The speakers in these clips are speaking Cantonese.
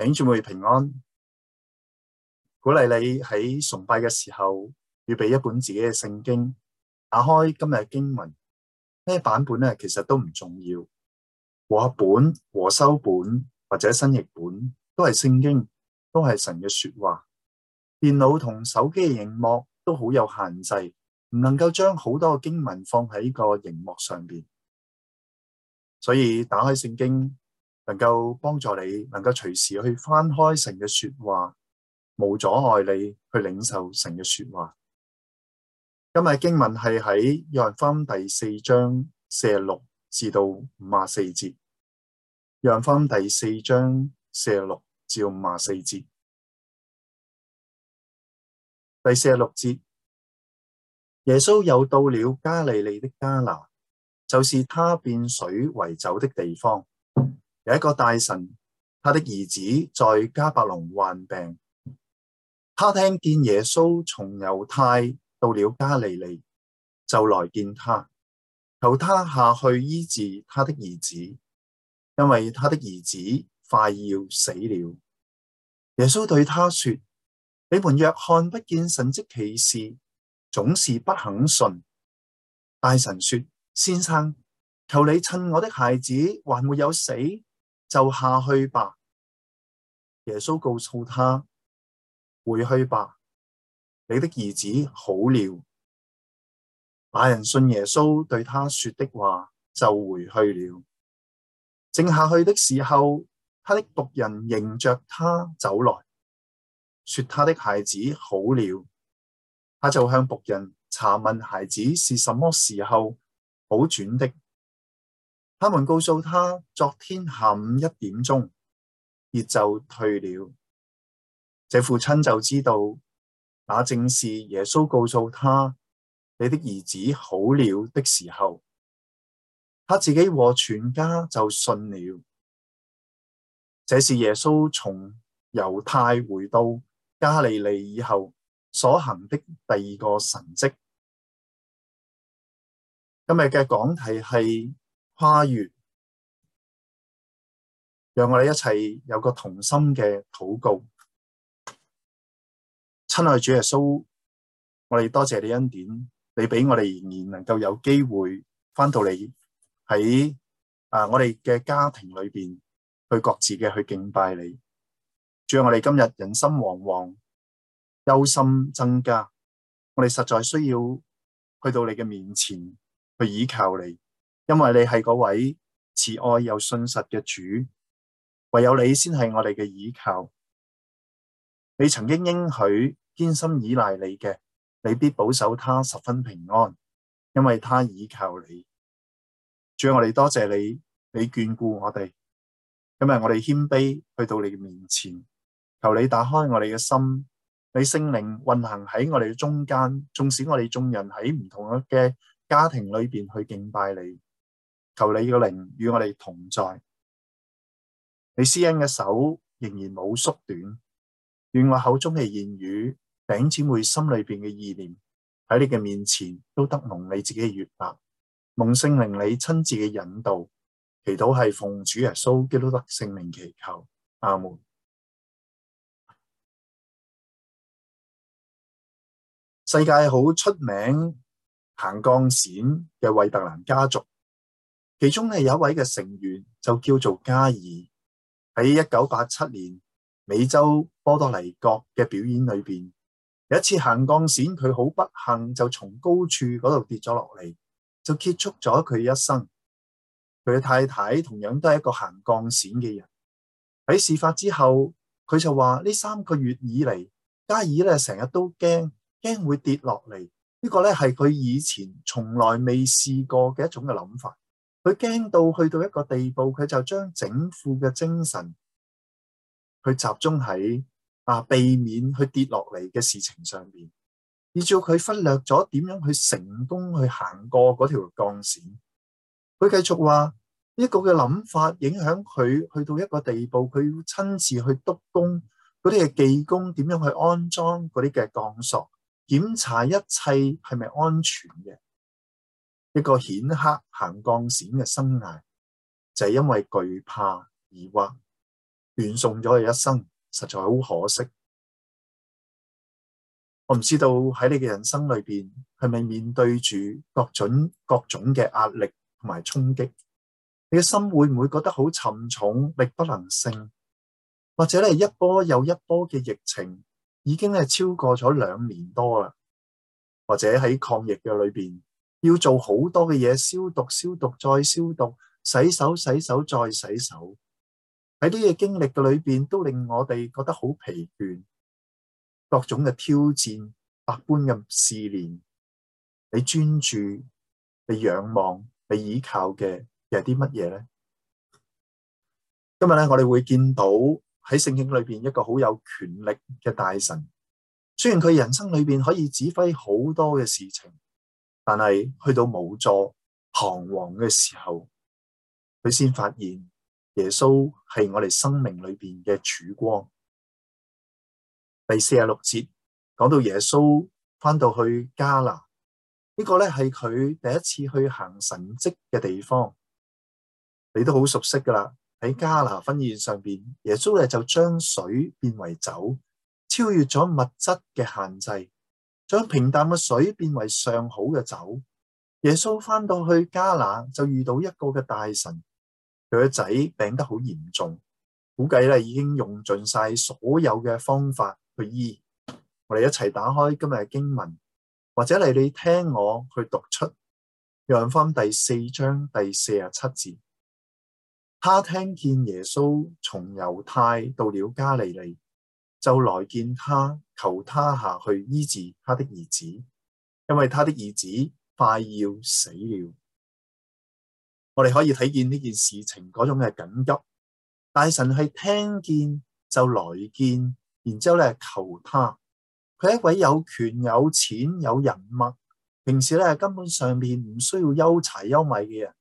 頂住會平安，鼓勵你喺崇拜嘅時候預備一本自己嘅聖經，打開今日經文。咩版本咧？其實都唔重要。和合本、和修本或者新譯本都係聖經，都係神嘅說話。電腦同手機嘅熒幕都好有限制，唔能夠將好多經文放喺個熒幕上邊。所以打開聖經。能夠幫助你，能夠隨時去翻開神嘅說話，冇阻礙你去領受神嘅說話。今日經文係喺約翰第四章四十六至到五十四節，約翰第四章第四十六至五十四節。第四十六節，耶穌又到了加利利的迦拿，就是他變水為酒的地方。有一個大神，他的兒子在加百農患病，他聽見耶穌從猶太到了加利利，就來見他，求他下去醫治他的兒子，因為他的兒子快要死了。耶穌對他說：你們若看不見神迹奇事，總是不肯信。大神說：先生，求你趁我的孩子還沒有死。就下去吧，耶穌告訴他，回去吧，你的兒子好了。那人信耶穌對他說的話，就回去了。正下去的時候，他的僕人迎着他走來，說他的孩子好了。他就向僕人查問孩子是什麼時候好轉的。他們告訴他，昨天下午一點鐘熱就退了，這父親就知道那正是耶穌告訴他你的兒子好了的時候，他自己和全家就信了。這是耶穌從猶太回到加利利以後所行的第二個神跡。今日嘅講題係。跨越，讓我哋一齊有個同心嘅禱告。親愛主耶穌，我哋多謝你恩典，你俾我哋仍然能夠有機會翻到你喺啊、呃，我哋嘅家庭裏邊去各自嘅去敬拜你。主要我哋今日人心惶惶，憂心增加，我哋實在需要去到你嘅面前去倚靠你。因為你係個位慈愛又信實嘅主，唯有你先係我哋嘅倚靠。你曾經應許，堅心依賴你嘅，你必保守他十分平安，因為他倚靠你。主啊，我哋多謝你，你眷顧我哋。今日我哋謙卑去到你嘅面前，求你打開我哋嘅心，你聖靈運行喺我哋嘅中間。縱使我哋眾人喺唔同嘅家庭裏邊去敬拜你。求你嘅靈與我哋同在，你施恩嘅手仍然冇縮短，願我口中嘅言語、頂尖會心裏邊嘅意念喺你嘅面前都得蒙你自己嘅悅納，蒙聖靈你親自嘅引導。祈禱係奉主耶穌基督得聖名祈求。阿門。世界好出名行鋼線嘅惠特蘭家族。其中咧，有一位嘅成員就叫做加爾，喺一九八七年美洲波多黎各嘅表演裏邊，有一次行鋼線，佢好不幸就從高處嗰度跌咗落嚟，就結束咗佢一生。佢嘅太太同樣都係一個行鋼線嘅人。喺事發之後，佢就話呢三個月以嚟，加爾咧，成日都驚驚會跌落嚟。呢個咧，係佢以前從來未試過嘅一種嘅諗法。佢驚到去到一個地步，佢就將整副嘅精神，佢集中喺啊避免去跌落嚟嘅事情上邊，而做佢忽略咗點樣去成功去行過嗰條鋼線。佢繼續話呢、呢個嘅諗法影響佢去到一個地步，佢要親自去督工，嗰啲嘅技工點樣去安裝嗰啲嘅鋼索，檢查一切係咪安全嘅。一個顯赫行鋼線嘅生涯，就係、是、因為懼怕疑惑，斷送咗佢一生，實在好可惜。我唔知道喺你嘅人生裏邊，係咪面對住各種各種嘅壓力同埋衝擊？你嘅心會唔會覺得好沉重，力不能勝？或者咧，一波又一波嘅疫情已經係超過咗兩年多啦，或者喺抗疫嘅裏邊。要做好多嘅嘢，消毒、消毒再消毒，洗手、洗手再洗手。喺呢啲經歷嘅裏邊，都令我哋覺得好疲倦。各種嘅挑戰，百般嘅試煉，你專注、你仰望、你依靠嘅係啲乜嘢呢？今日咧，我哋會見到喺聖經裏邊一個好有權力嘅大臣。雖然佢人生裏邊可以指揮好多嘅事情。但係去到無助彷徨嘅時候，佢先發現耶穌係我哋生命裏邊嘅曙光。第四十六節講到耶穌翻到去加拿，呢個咧係佢第一次去行神蹟嘅地方。你都好熟悉噶啦，喺加拿婚宴上邊，耶穌咧就將水變為酒，超越咗物質嘅限制。將平淡嘅水變為上好嘅酒。耶穌翻到去加拿，就遇到一個嘅大臣，佢個仔病得好嚴重，估計咧已經用盡晒所有嘅方法去醫。我哋一齊打開今日嘅經文，或者你你聽我去讀出約翰第四章第四十七節。他聽見耶穌從猶太到了加利利。就來見他，求他下去醫治他的兒子，因為他的兒子快要死了。我哋可以睇見呢件事情嗰種嘅緊急，大臣係聽見就來見，然之後咧求他。佢一位有權有錢有人脈，平時咧根本上面唔需要憂柴憂米嘅人，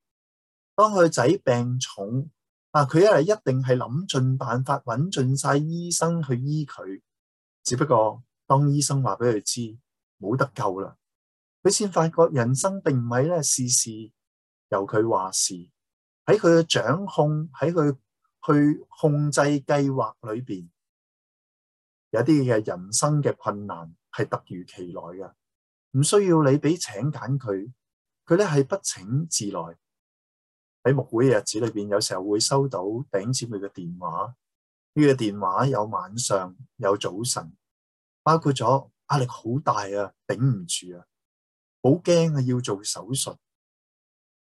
當佢仔病重，啊！佢一係一定係諗盡辦法，揾盡晒醫生去醫佢。只不過當醫生話俾佢知冇得救啦，佢先發覺人生並唔係咧事事由佢話事，喺佢嘅掌控，喺佢去控制計劃裏邊，有啲嘅人生嘅困難係突如其來嘅，唔需要你俾請柬佢，佢咧係不請自來。喺木會嘅日子裏邊，有時候會收到頂接佢嘅電話。呢個電話有晚上，有早晨，包括咗壓力好大啊，頂唔住啊，好驚啊，要做手術，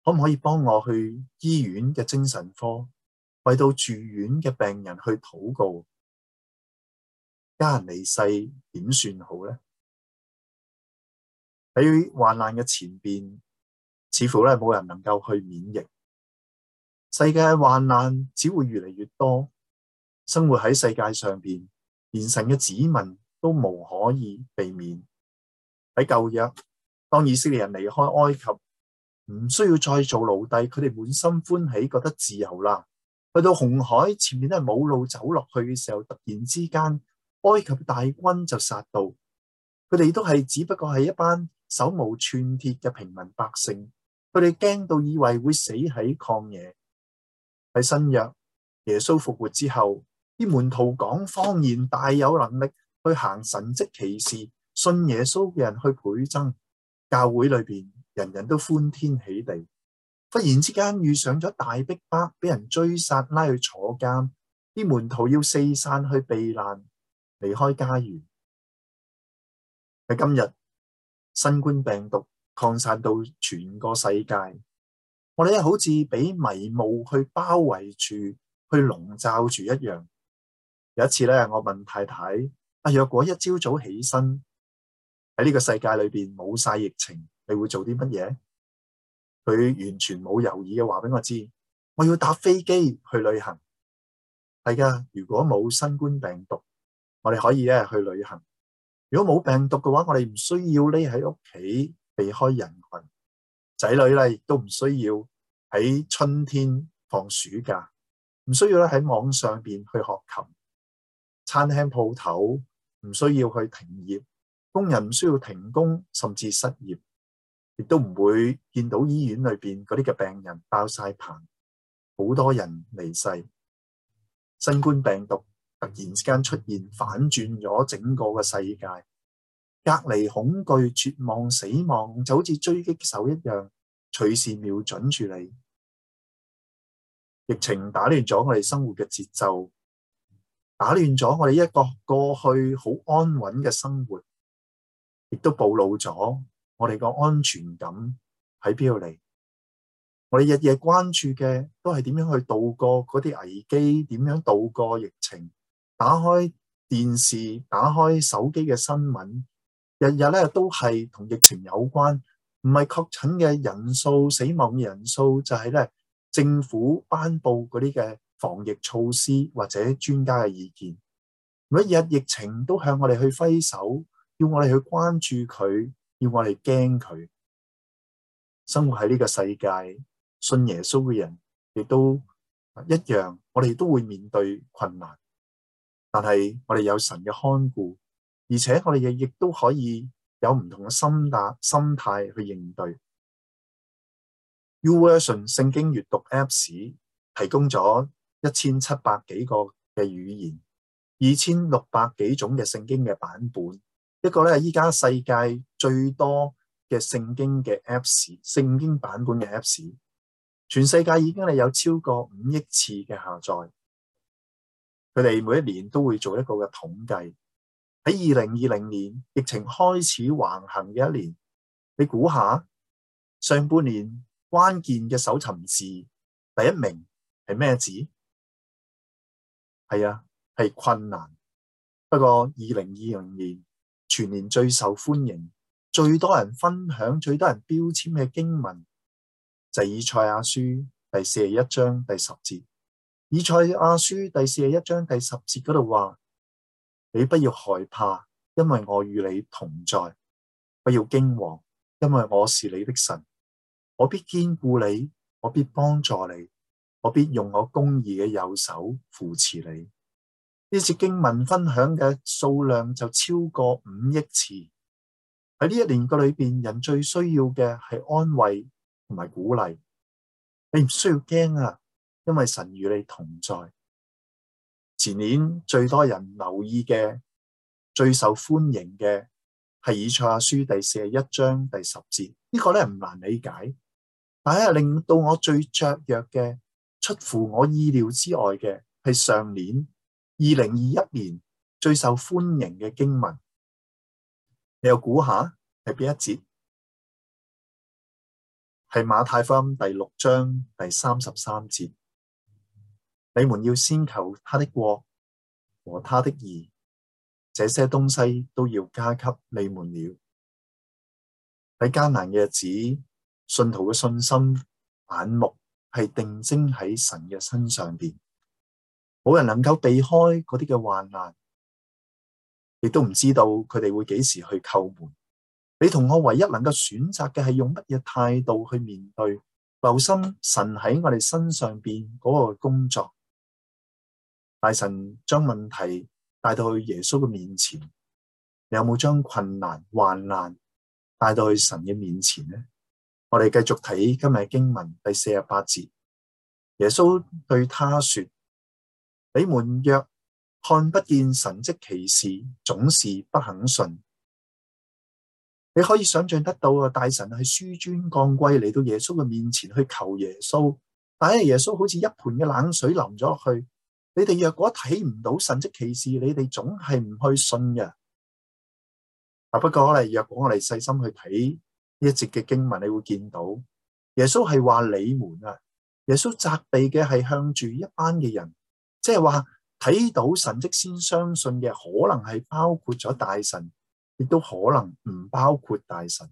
可唔可以幫我去醫院嘅精神科為到住院嘅病人去禱告？家人離世點算好咧？喺患難嘅前邊，似乎咧冇人能夠去免疫。世界患難只會越嚟越多，生活喺世界上邊連神嘅子民都無可以避免。喺舊約，當以色列人離開埃及，唔需要再做奴隸，佢哋滿心歡喜，覺得自由啦。去到紅海前面都係冇路走落去嘅時候，突然之間埃及大軍就殺到，佢哋都係只不過係一班手無寸鐵嘅平民百姓，佢哋驚到以為會死喺曠野。喺新約耶穌復活之後，啲門徒講方言，大有能力去行神蹟奇事，信耶穌嘅人去倍增，教會裏邊人人都歡天喜地。忽然之間遇上咗大逼迫，俾人追殺，拉去坐監，啲門徒要四散去避難，離開家園。喺今日，新冠病毒擴散到全個世界。我哋好似俾迷霧去包圍住、去籠罩住一樣。有一次咧，我問太太，啊，若果一朝早起身喺呢個世界裏邊冇晒疫情，你會做啲乜嘢？佢完全冇猶豫嘅話，俾我知，我要搭飛機去旅行。係噶，如果冇新冠病毒，我哋可以一日去旅行。如果冇病毒嘅話，我哋唔需要匿喺屋企，避開人群。仔女咧，亦都唔需要喺春天放暑假，唔需要咧，喺網上邊去學琴。餐廳鋪頭唔需要去停業，工人唔需要停工甚至失業，亦都唔會見到醫院裏邊嗰啲嘅病人爆晒棚，好多人離世。新冠病毒突然之間出現，反轉咗整個嘅世界。隔離恐懼、絕望、死亡，就好似狙擊手一樣，隨時瞄準住你。疫情打亂咗我哋生活嘅節奏，打亂咗我哋一個過去好安穩嘅生活，亦都暴露咗我哋個安全感喺邊度嚟。我哋日夜關注嘅都係點樣去度過嗰啲危機，點樣度過疫情。打開電視，打開手機嘅新聞。日日咧都係同疫情有關，唔係確診嘅人數、死亡嘅人數，就係咧政府頒布嗰啲嘅防疫措施或者專家嘅意見。每一日疫情都向我哋去揮手，要我哋去關注佢，要我哋驚佢。生活喺呢個世界，信耶穌嘅人亦都一樣，我哋都會面對困難，但係我哋有神嘅看顧。而且我哋亦亦都可以有唔同嘅心打心態去應對。u v e r i o n 聖經閱讀 App s 提供咗一千七百幾個嘅語言，二千六百幾種嘅聖經嘅版本，一個咧依家世界最多嘅聖經嘅 App s 聖經版本嘅 App s 全世界已經係有超過五億次嘅下載。佢哋每一年都會做一個嘅統計。喺二零二零年疫情開始橫行嘅一年，你估下上半年關鍵嘅搜尋字第一名係咩字？係呀、啊，係困難。不過二零二零年全年最受歡迎、最多人分享、最多人標籤嘅經文就係以賽亞書第四十一章第十節。以賽亞書第四十一章第十節嗰度話。你不要害怕，因為我與你同在；不要驚惶，因為我是你的神。我必堅固你，我必幫助你，我必用我公義嘅右手扶持你。呢次經文分享嘅數量就超過五億次。喺呢一年個裏邊，人最需要嘅係安慰同埋鼓勵。你唔需要驚啊，因為神與你同在。前年最多人留意嘅、最受歡迎嘅，係以賽亞書第四十一章第十節。呢、這個咧唔難理解，但係令到我最雀躍嘅、出乎我意料之外嘅，係上年二零二一年最受歡迎嘅經文。你又估下係邊一節？係馬太福音第六章第三十三節。你們要先求他的國和他的義，這些東西都要加給你們了。喺艱難嘅日子，信徒嘅信心眼目係定睛喺神嘅身上邊，冇人能夠避開嗰啲嘅患難，亦都唔知道佢哋會幾時去叩門。你同我唯一能夠選擇嘅係用乜嘢態度去面對，留心神喺我哋身上邊嗰個工作。大神將問題帶到去耶穌嘅面前，你有冇將困難患難帶到去神嘅面前呢？我哋繼續睇今日經文第四十八節，耶穌對他說：你們若看不見神蹟奇事，總是不肯信。你可以想象得到啊，大神係紆尊降貴嚟到耶穌嘅面前去求耶穌，但係耶穌好似一盆嘅冷水淋咗去。你哋若果睇唔到神蹟奇事，你哋總係唔去信嘅。啊，不過咧，若果我哋細心去睇呢一節嘅經文，你會見到耶穌係話你們啊。耶穌責備嘅係向住一班嘅人，即係話睇到神蹟先相信嘅，可能係包括咗大神，亦都可能唔包括大神。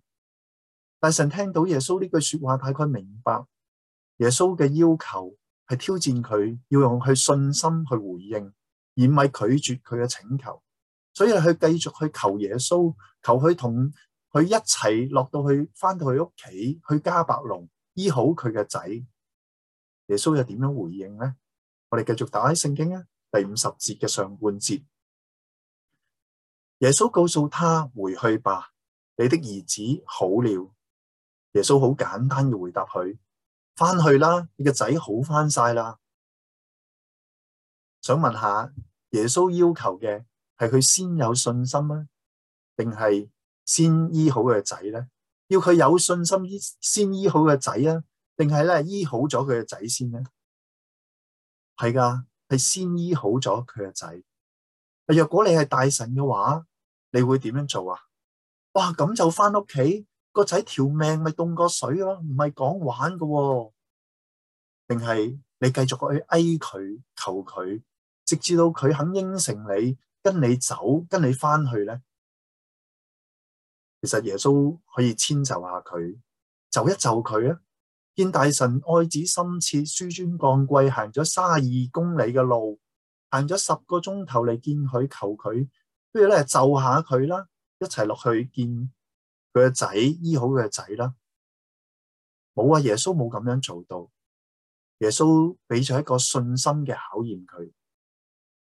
大神聽到耶穌呢句說話，大概明白耶穌嘅要求。係挑戰佢，要用佢信心去回應，而唔係拒絕佢嘅請求。所以佢繼續去求耶穌，求佢同佢一齊落到去，返到佢屋企去迦百農醫好佢嘅仔。耶穌又點樣回應呢？我哋繼續打開聖經啊，第五十節嘅上半節，耶穌告訴他回去吧，你的兒子好了。耶穌好簡單嘅回答佢。翻去啦，你個仔好翻晒啦。想問下，耶穌要求嘅係佢先有信心啊，定係先醫好佢個仔咧？要佢有信心醫先醫好佢個仔啊，定係咧醫好咗佢個仔先咧？係噶，係先醫好咗佢個仔。若果你係大神嘅話，你會點樣做啊？哇，咁就翻屋企。個仔條命咪凍過水咯，唔係講玩噶，定係你繼續去哀佢求佢，直至到佢肯應承你，跟你走，跟你翻去咧。其實耶穌可以遷就下佢，就一就佢啊！見大神愛子深切，紆尊降貴，行咗卅二公里嘅路，行咗十個鐘頭嚟見佢求佢，不如咧就下佢啦，一齊落去見。佢嘅仔醫好佢嘅仔啦，冇啊！耶穌冇咁樣做到，耶穌俾咗一個信心嘅考驗佢，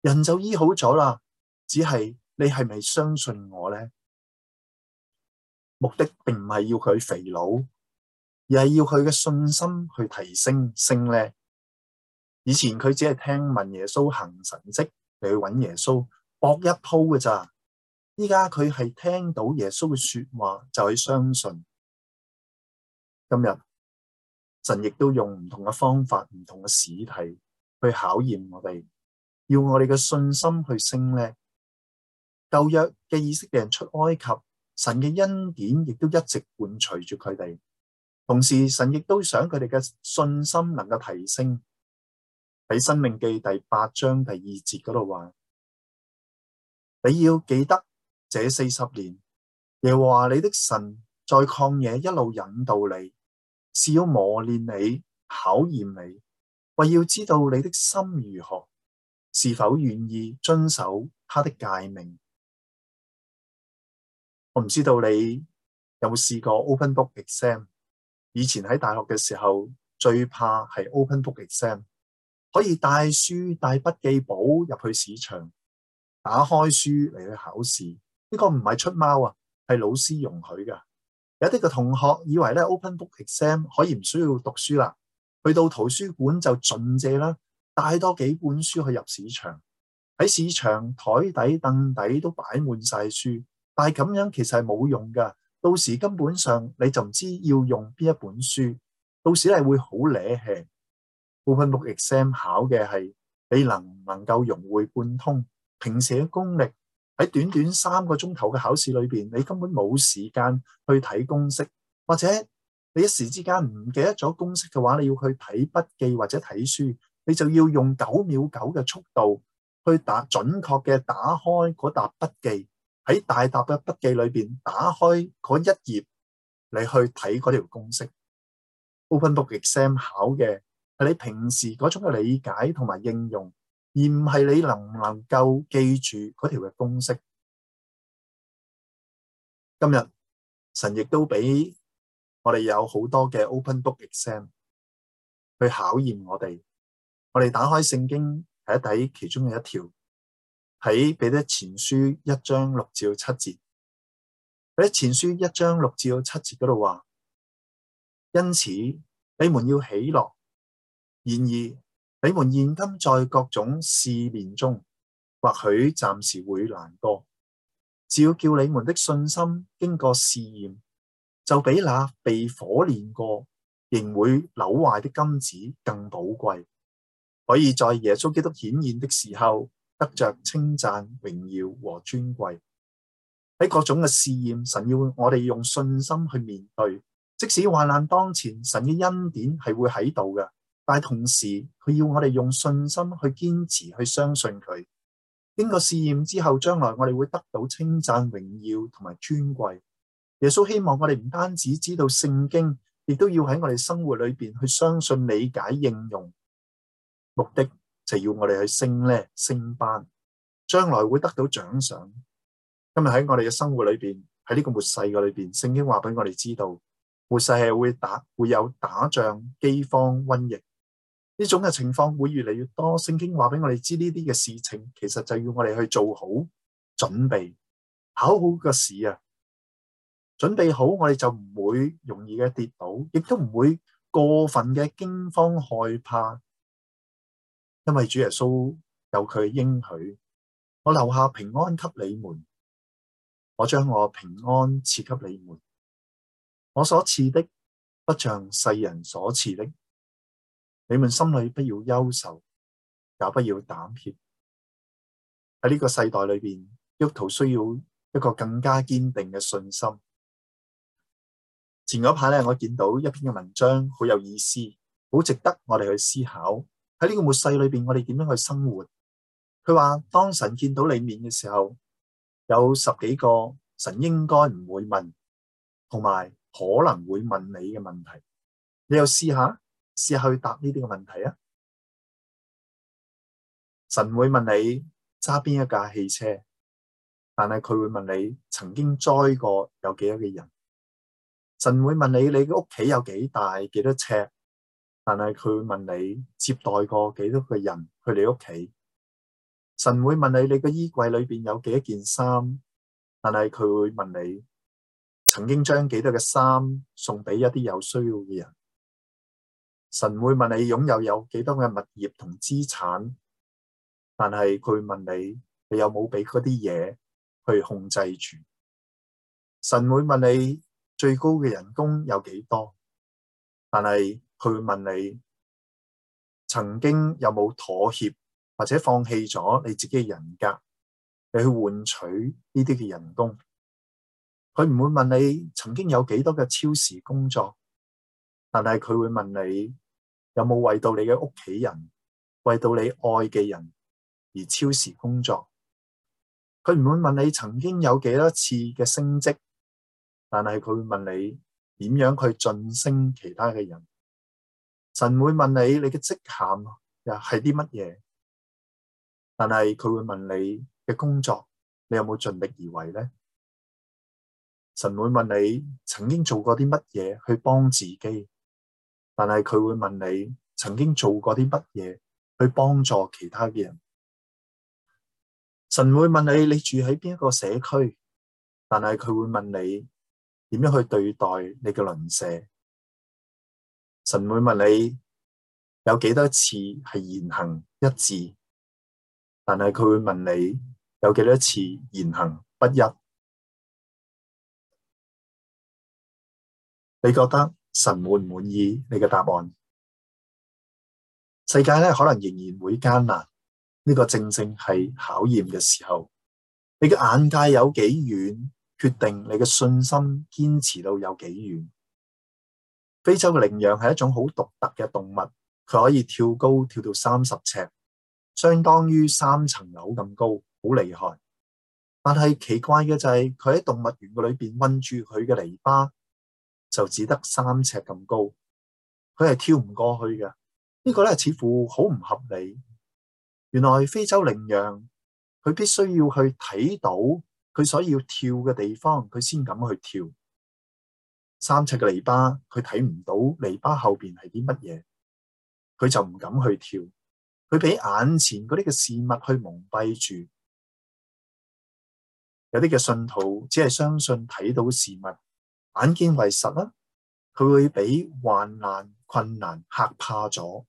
人就醫好咗啦。只係你係咪相信我咧？目的並唔係要佢肥佬，而係要佢嘅信心去提升升咧。以前佢只係聽聞耶穌行神蹟嚟去揾耶穌搏一鋪嘅咋。依家佢係聽到耶穌嘅説話就會相信。今日神亦都用唔同嘅方法、唔同嘅史題去考驗我哋，要我哋嘅信心去升呢？舊約嘅以色列人出埃及，神嘅恩典亦都一直伴隨住佢哋。同時神亦都想佢哋嘅信心能夠提升。喺《申命記》第八章第二節嗰度話：「你要記得。這四十年，耶和華你的神在曠野一路引導你，是要磨練你、考驗你，為要知道你的心如何，是否願意遵守他的誡命。我唔知道你有冇試過 open book exam。以前喺大學嘅時候，最怕係 open book exam，可以帶書、帶筆記簿入去市場，打開書嚟去考試。呢個唔係出貓啊，係老師容許噶。有啲個同學以為咧，open book exam 可以唔需要讀書啦，去到圖書館就盡借啦，帶多幾本書去入市場，喺市場台底、凳底都擺滿晒書。但係咁樣其實係冇用噶，到時根本上你就唔知要用邊一本書，到時係會好惹氣。open book exam 考嘅係你能唔能夠融會貫通、平寫功力。喺短短三個鐘頭嘅考試裏邊，你根本冇時間去睇公式，或者你一時之間唔記得咗公式嘅話，你要去睇筆記或者睇書，你就要用九秒九嘅速度去打準確嘅打開嗰沓筆記，喺大沓嘅筆記裏邊打開嗰一頁，你去睇嗰條公式。Open book exam 考嘅係你平時嗰種嘅理解同埋應用。而唔係你能唔能夠記住嗰條嘅公式。今日神亦都俾我哋有好多嘅 open book exam 去考驗我哋。我哋打開聖經睇一睇其中嘅一條，喺彼得前書一章六至到七節，彼得前書一章六至到七節嗰度話：因此你們要喜樂。然而你們現今在各種試煉中，或許暫時會難過，只要叫你們的信心經過試驗，就比那被火煉過，仍會扭壞的金子更寶貴，可以在耶穌基督顯現的時候得着稱讚、榮耀和尊貴。喺各種嘅試驗，神要我哋用信心去面對，即使患難當前，神嘅恩典係會喺度嘅。但係同時，佢要我哋用信心去堅持，去相信佢。經過試驗之後，將來我哋會得到稱讚、榮耀同埋尊貴。耶穌希望我哋唔單止知道聖經，亦都要喺我哋生活裏邊去相信、理解、應用。目的就係要我哋去升呢、升班，將來會得到獎賞。今日喺我哋嘅生活裏邊，喺呢個末世嘅裏邊，聖經話俾我哋知道，末世係會打，會有打仗、饑荒、瘟疫。呢種嘅情況會越嚟越多，聖經話俾我哋知呢啲嘅事情，其實就要我哋去做好準備，考好個試啊，準備好我哋就唔會容易嘅跌倒，亦都唔會過分嘅驚慌害怕，因為主耶穌有佢嘅應許，我留下平安給你們，我將我平安賜給你們，我所賜的不像世人所賜的。你們心裏不要憂愁，也不要膽怯。喺呢個世代裏邊，喐途需要一個更加堅定嘅信心。前嗰排咧，我見到一篇嘅文章，好有意思，好值得我哋去思考。喺呢個末世裏邊，我哋點樣去生活？佢話，當神見到你面嘅時候，有十幾個神應該唔會問，同埋可能會問你嘅問題。你又試下？試下去答呢啲嘅問題啊！神會問你揸邊一架汽車，但係佢會問你曾經載過有幾多嘅人。神會問你你嘅屋企有幾大幾多尺，但係佢會問你接待過幾多個人去你屋企。神會問你你個衣櫃裏邊有幾多件衫，但係佢會問你曾經將幾多嘅衫送俾一啲有需要嘅人。神會問你擁有有幾多嘅物業同資產，但係佢問你你有冇俾嗰啲嘢去控制住？神會問你最高嘅人工有幾多，但係佢問你曾經有冇妥協或者放棄咗你自己嘅人格，你去換取呢啲嘅人工？佢唔會問你曾經有幾多嘅超時工作。但係佢會問你有冇為到你嘅屋企人、為到你愛嘅人而超時工作？佢唔會問你曾經有幾多次嘅升職，但係佢會問你點樣去晉升其他嘅人。神會問你你嘅職銜又係啲乜嘢？但係佢會問你嘅工作你有冇盡力而為呢？神會問你曾經做過啲乜嘢去幫自己。但係佢會問你曾經做過啲乜嘢去幫助其他嘅人，神會問你你住喺邊一個社區，但係佢會問你點樣去對待你嘅鄰舍，神會問你有幾多次係言行一致，但係佢會問你有幾多次言行不一，你覺得？神滿唔滿意你嘅答案？世界咧可能仍然會艱難，呢個正正係考驗嘅時候。你嘅眼界有幾遠，決定你嘅信心堅持到有幾遠。非洲嘅羚羊係一種好獨特嘅動物，佢可以跳高跳到三十尺，相當於三層樓咁高，好厲害。但係奇怪嘅就係佢喺動物園嘅裏邊困住佢嘅籬笆，就只得三尺咁高，佢係跳唔過去嘅。這個、呢個咧似乎好唔合理。原來非洲羚羊，佢必須要去睇到佢所要跳嘅地方，佢先敢去跳。三尺嘅籬笆，佢睇唔到籬笆後邊係啲乜嘢，佢就唔敢去跳。佢俾眼前嗰啲嘅事物去蒙蔽住，有啲嘅信徒只係相信睇到事物。眼見為實啦，佢會俾患難困難嚇怕咗。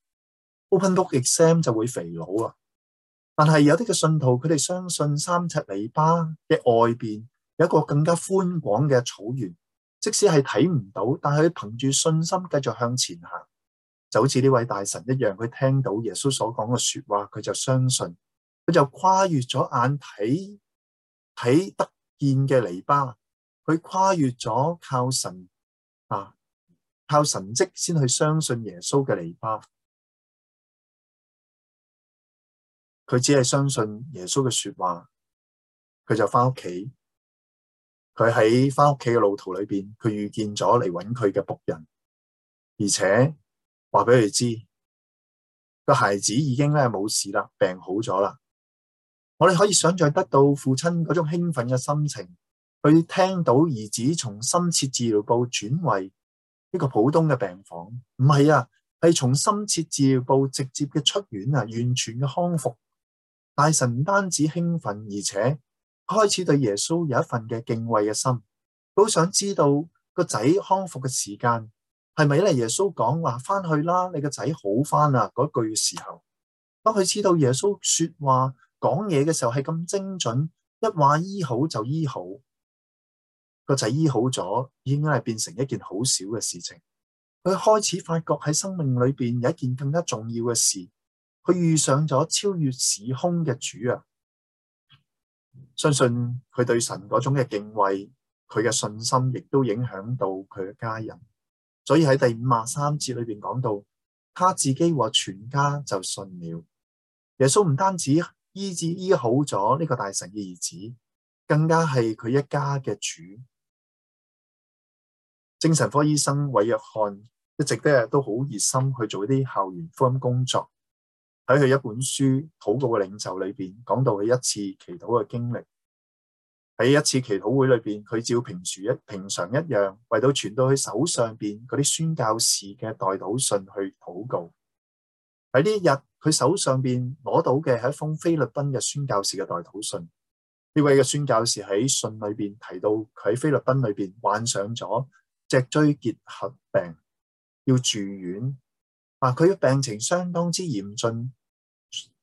Open book exam 就會肥佬啊，但係有啲嘅信徒，佢哋相信三尺籬笆嘅外邊有一個更加寬廣嘅草原，即使係睇唔到，但係佢憑住信心繼續向前行，就好似呢位大神一樣。佢聽到耶穌所講嘅説話，佢就相信，佢就跨越咗眼睇睇得見嘅籬笆。佢跨越咗靠神啊，靠神蹟先去相信耶穌嘅籬笆。佢只係相信耶穌嘅說話，佢就翻屋企。佢喺翻屋企嘅路途裏邊，佢遇見咗嚟揾佢嘅僕人，而且話俾佢知個孩子已經咧冇事啦，病好咗啦。我哋可以想象得到父親嗰種興奮嘅心情。佢聽到兒子從深切治療部轉為一個普通嘅病房，唔係啊，係從深切治療部直接嘅出院啊，完全嘅康復。大神唔單止興奮，而且開始對耶穌有一份嘅敬畏嘅心。佢好想知道個仔康復嘅時間係咪咧？是是耶穌講話翻去啦，你個仔好翻啦嗰句嘅時候，當佢知道耶穌説話講嘢嘅時候係咁精準，一話醫好就醫好。個仔醫好咗，應該係變成一件好小嘅事情。佢開始發覺喺生命裏邊有一件更加重要嘅事。佢遇上咗超越時空嘅主啊！相信佢對神嗰種嘅敬畏，佢嘅信心亦都影響到佢嘅家人。所以喺第五十三節裏邊講到，他自己和全家就信了。耶穌唔單止醫治醫好咗呢個大臣嘅兒子，更加係佢一家嘅主。精神科醫生韋約翰一直都係都好熱心去做一啲校園福音工作。喺佢一本書《禱告嘅領袖》裏邊，講到佢一次祈禱嘅經歷。喺一次祈禱會裏邊，佢照平時一平常一樣，為到傳到佢手上邊嗰啲宣教士嘅代禱信去禱告。喺呢一日，佢手上邊攞到嘅係一封菲律賓嘅宣教士嘅代禱信。呢位嘅宣教士喺信裏邊提到，佢喺菲律賓裏邊患上咗脊椎結核病要住院，啊，佢嘅病情相當之嚴峻，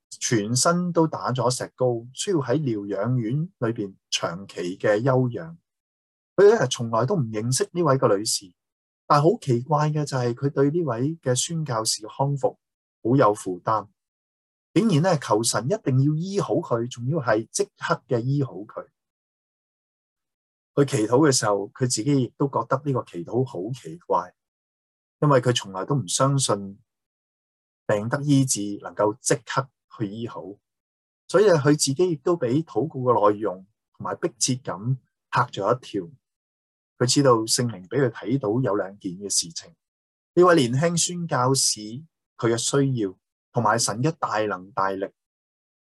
全身都打咗石膏，需要喺療養院裏邊長期嘅休養。佢咧從來都唔認識呢位嘅女士，但係好奇怪嘅就係佢對呢位嘅宣教士康復好有負擔，竟然咧求神一定要醫好佢，仲要係即刻嘅醫好佢。佢祈禱嘅時候，佢自己亦都覺得呢個祈禱好奇怪，因為佢從來都唔相信病得醫治能夠即刻去醫好，所以佢自己亦都俾禱告嘅內容同埋迫切感嚇咗一跳。佢知道聖靈俾佢睇到有兩件嘅事情：呢位年輕宣教士佢嘅需要，同埋神嘅大能大力。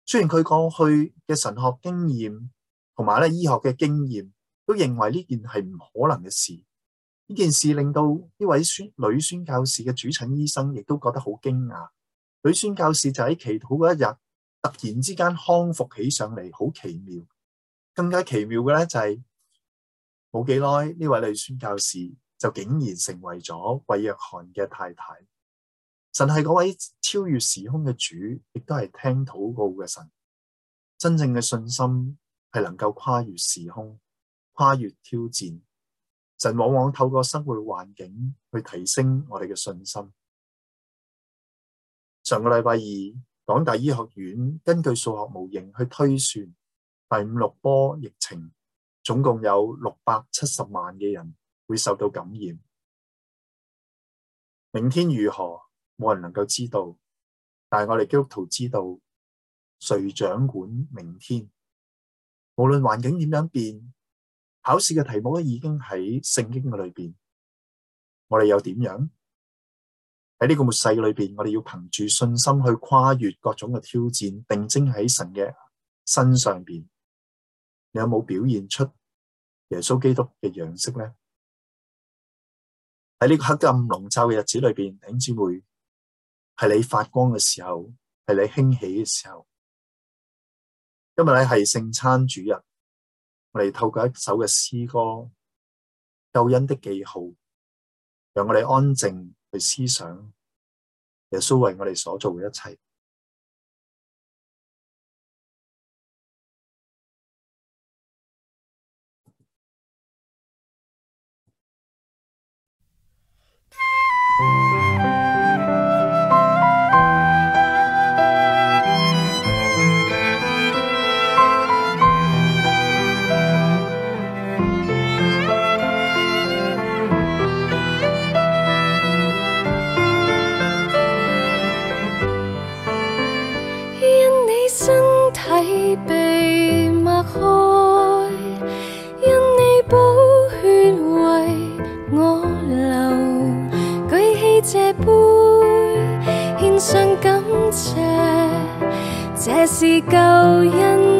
雖然佢過去嘅神學經驗同埋咧醫學嘅經驗，都認為呢件係唔可能嘅事，呢件事令到呢位孫女宣教士嘅主診醫生亦都覺得好驚訝。女宣教士就喺祈禱嗰一日，突然之間康復起上嚟，好奇妙。更加奇妙嘅咧就係冇幾耐，呢位女宣教士就竟然成為咗韋約翰嘅太太。神係嗰位超越時空嘅主，亦都係聽禱告嘅神。真正嘅信心係能夠跨越時空。跨越挑戰，神往往透過生活環境去提升我哋嘅信心。上個禮拜二，港大醫學院根據數學模型去推算，第五、六波疫情總共有六百七十萬嘅人會受到感染。明天如何，冇人能夠知道，但係我哋基督徒知道，誰掌管明天？無論環境點樣變。考試嘅題目咧已經喺聖經嘅裏邊，我哋又點樣喺呢個末世嘅裏邊，我哋要憑住信心去跨越各種嘅挑戰，定睛喺神嘅身上邊，你有冇表現出耶穌基督嘅樣式咧？喺呢個黑暗籠罩嘅日子裏邊，弟兄姊妹，係你發光嘅時候，係你興起嘅時候，今日你係聖餐主日。我哋透過一首嘅詩歌，救恩的記號，讓我哋安靜去思想，耶穌為我哋所做嘅一切。這是舊恩。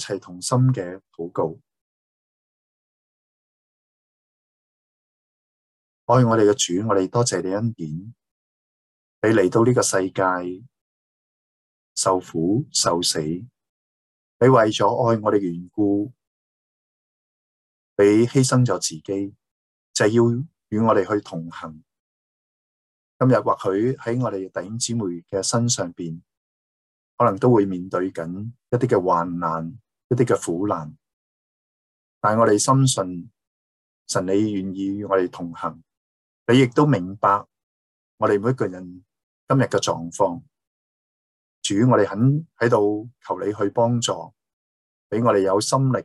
一齊同心嘅禱告，愛我哋嘅主，我哋多謝你恩典。你嚟到呢個世界受苦受死，你為咗愛我哋緣故，你犧牲咗自己，就係要與我哋去同行。今日或許喺我哋弟兄姊妹嘅身上邊，可能都會面對緊一啲嘅患難。一啲嘅苦難，但係我哋深信神，你願意與我哋同行，你亦都明白我哋每一個人今日嘅狀況。主，我哋肯喺度求你去幫助，俾我哋有心力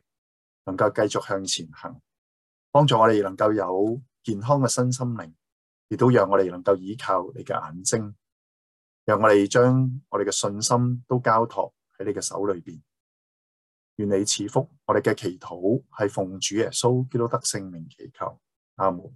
能夠繼續向前行，幫助我哋能夠有健康嘅身心靈，亦都讓我哋能夠依靠你嘅眼睛，讓我哋將我哋嘅信心都交託喺你嘅手裏邊。願你賜福我哋嘅祈禱，係奉主耶穌、so, 基督得聖名祈求，阿門。